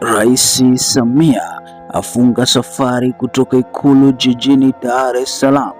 Rais Samia afunga safari kutoka Ikulu jijini Dar es Salaam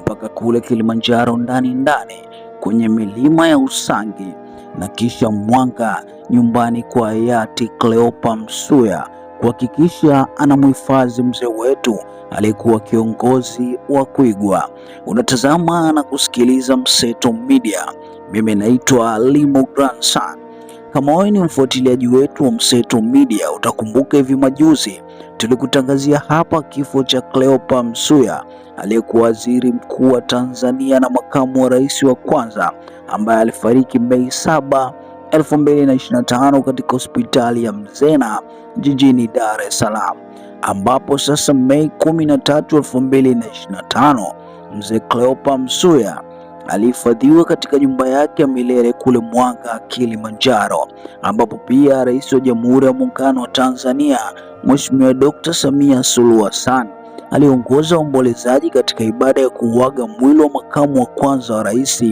mpaka kule Kilimanjaro ndani ndani kwenye milima ya Usangi na kisha Mwanga nyumbani kwa hayati Cleopa Msuya kuhakikisha anamhifadhi mzee wetu aliyekuwa kiongozi wa kuigwa Unatazama na kusikiliza Mseto Media. Mimi naitwa Limo Grandson. Kama wewe ni mfuatiliaji wetu wa Mseto Media, utakumbuka hivi majuzi tulikutangazia hapa kifo cha Cleopa Msuya aliyekuwa waziri mkuu wa Tanzania na makamu wa rais wa kwanza ambaye alifariki Mei 7 2025 katika hospitali ya Mzena jijini Dar es Salaam, ambapo sasa Mei 13, 2025 mzee Cleopa Msuya alihifadhiwa katika nyumba yake ya milele kule Mwanga, Kilimanjaro, ambapo pia Rais wa Jamhuri ya Muungano wa Tanzania Mheshimiwa Dr. Samia Suluhu Hassan aliongoza uombolezaji katika ibada ya kuuaga mwili wa makamu wa kwanza wa rais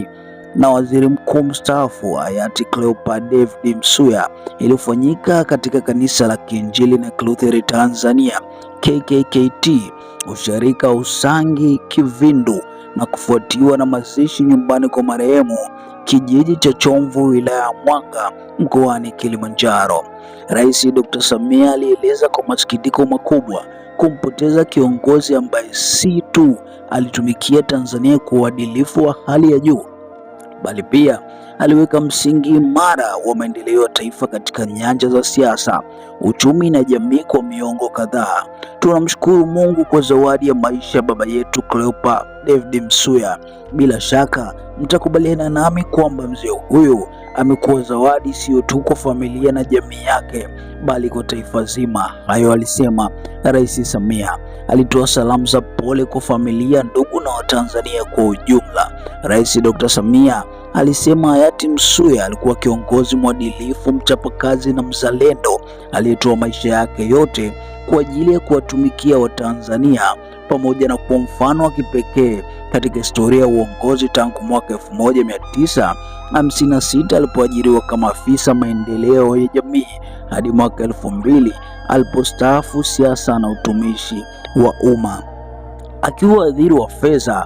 na waziri mkuu mstaafu hayati Cleopa David Msuya iliyofanyika katika kanisa la Kiinjili na Kilutheri Tanzania KKKT, usharika Usangi Kivindu, na kufuatiwa na mazishi nyumbani kwa marehemu kijiji cha Chomvu wilaya ya Mwanga mkoani Kilimanjaro. Rais Dr. Samia alieleza kwa masikitiko makubwa kumpoteza kiongozi ambaye si tu alitumikia Tanzania kwa uadilifu wa hali ya juu bali pia aliweka msingi imara wa maendeleo ya taifa katika nyanja za siasa, uchumi na jamii kwa miongo kadhaa. Tunamshukuru Mungu kwa zawadi ya maisha baba yetu Cleopa David Msuya. Bila shaka mtakubaliana nami kwamba mzee huyu amekuwa zawadi sio tu kwa familia na jamii yake, bali kwa taifa zima. Hayo alisema Rais Samia. Alitoa salamu za pole kwa familia, ndugu na Watanzania kwa ujumla. Rais Dr. Samia alisema hayati Msuya alikuwa kiongozi mwadilifu, mchapakazi na mzalendo aliyetoa maisha yake yote kwa ajili ya kuwatumikia Watanzania pamoja na kuwa mfano wa kipekee katika historia ya uongozi tangu mwaka 1956 alipoajiriwa kama afisa maendeleo ya jamii hadi mwaka 2000 alipostaafu siasa na utumishi wa umma. Akiwa waziri wa fedha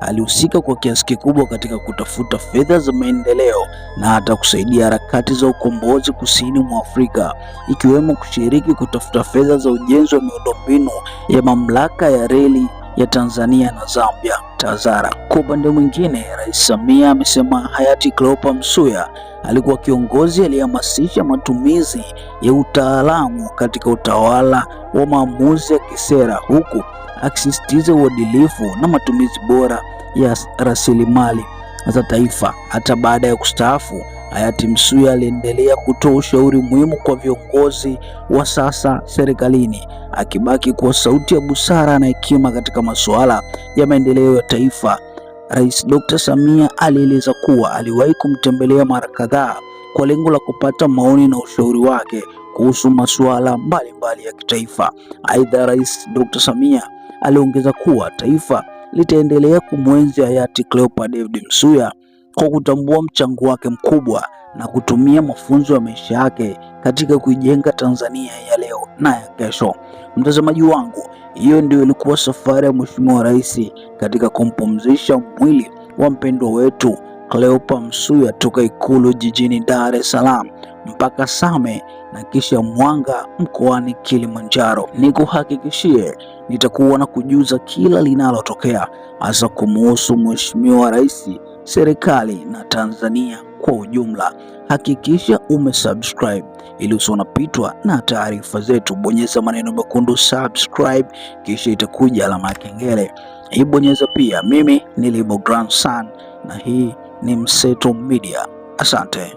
alihusika kwa kiasi kikubwa katika kutafuta fedha za maendeleo na hata kusaidia harakati za ukombozi kusini mwa Afrika, ikiwemo kushiriki kutafuta fedha za ujenzi wa miundombinu ya mamlaka ya reli ya Tanzania na Zambia TAZARA. Kwa upande mwingine, Rais Samia amesema hayati Cleopa Msuya alikuwa kiongozi aliyehamasisha matumizi ya utaalamu katika utawala wa maamuzi ya kisera, huku akisisitiza uadilifu na matumizi bora ya rasilimali za taifa. Hata baada ya kustaafu, hayati Msuya aliendelea kutoa ushauri muhimu kwa viongozi wa sasa serikalini, akibaki kuwa sauti ya busara na hekima katika masuala ya maendeleo ya taifa. Rais Dr. Samia alieleza kuwa aliwahi kumtembelea mara kadhaa kwa lengo la kupata maoni na ushauri wake kuhusu masuala mbalimbali ya kitaifa. Aidha, Rais Dr. Samia aliongeza kuwa taifa litaendelea kumwenzi hayati Cleopa David Msuya kwa kutambua mchango wake mkubwa na kutumia mafunzo ya maisha yake katika kuijenga Tanzania ya leo na ya kesho. Mtazamaji wangu, hiyo ndio ilikuwa safari ya Mheshimiwa Rais katika kumpumzisha mwili wa mpendwa wetu Cleopa Msuya toka Ikulu jijini Dar es Salaam mpaka Same na kisha Mwanga mkoani Kilimanjaro. Nikuhakikishie nitakuwa na kujuza kila linalotokea, hasa kumuhusu Mheshimiwa Rais, serikali na Tanzania kwa ujumla. Hakikisha umesubscribe ili usionapitwa na taarifa zetu. Bonyeza maneno mekundu subscribe, kisha itakuja alama ya kengele. Hii bonyeza pia. Mimi ni Libo Grandson na hii ni Mseto Media. Asante.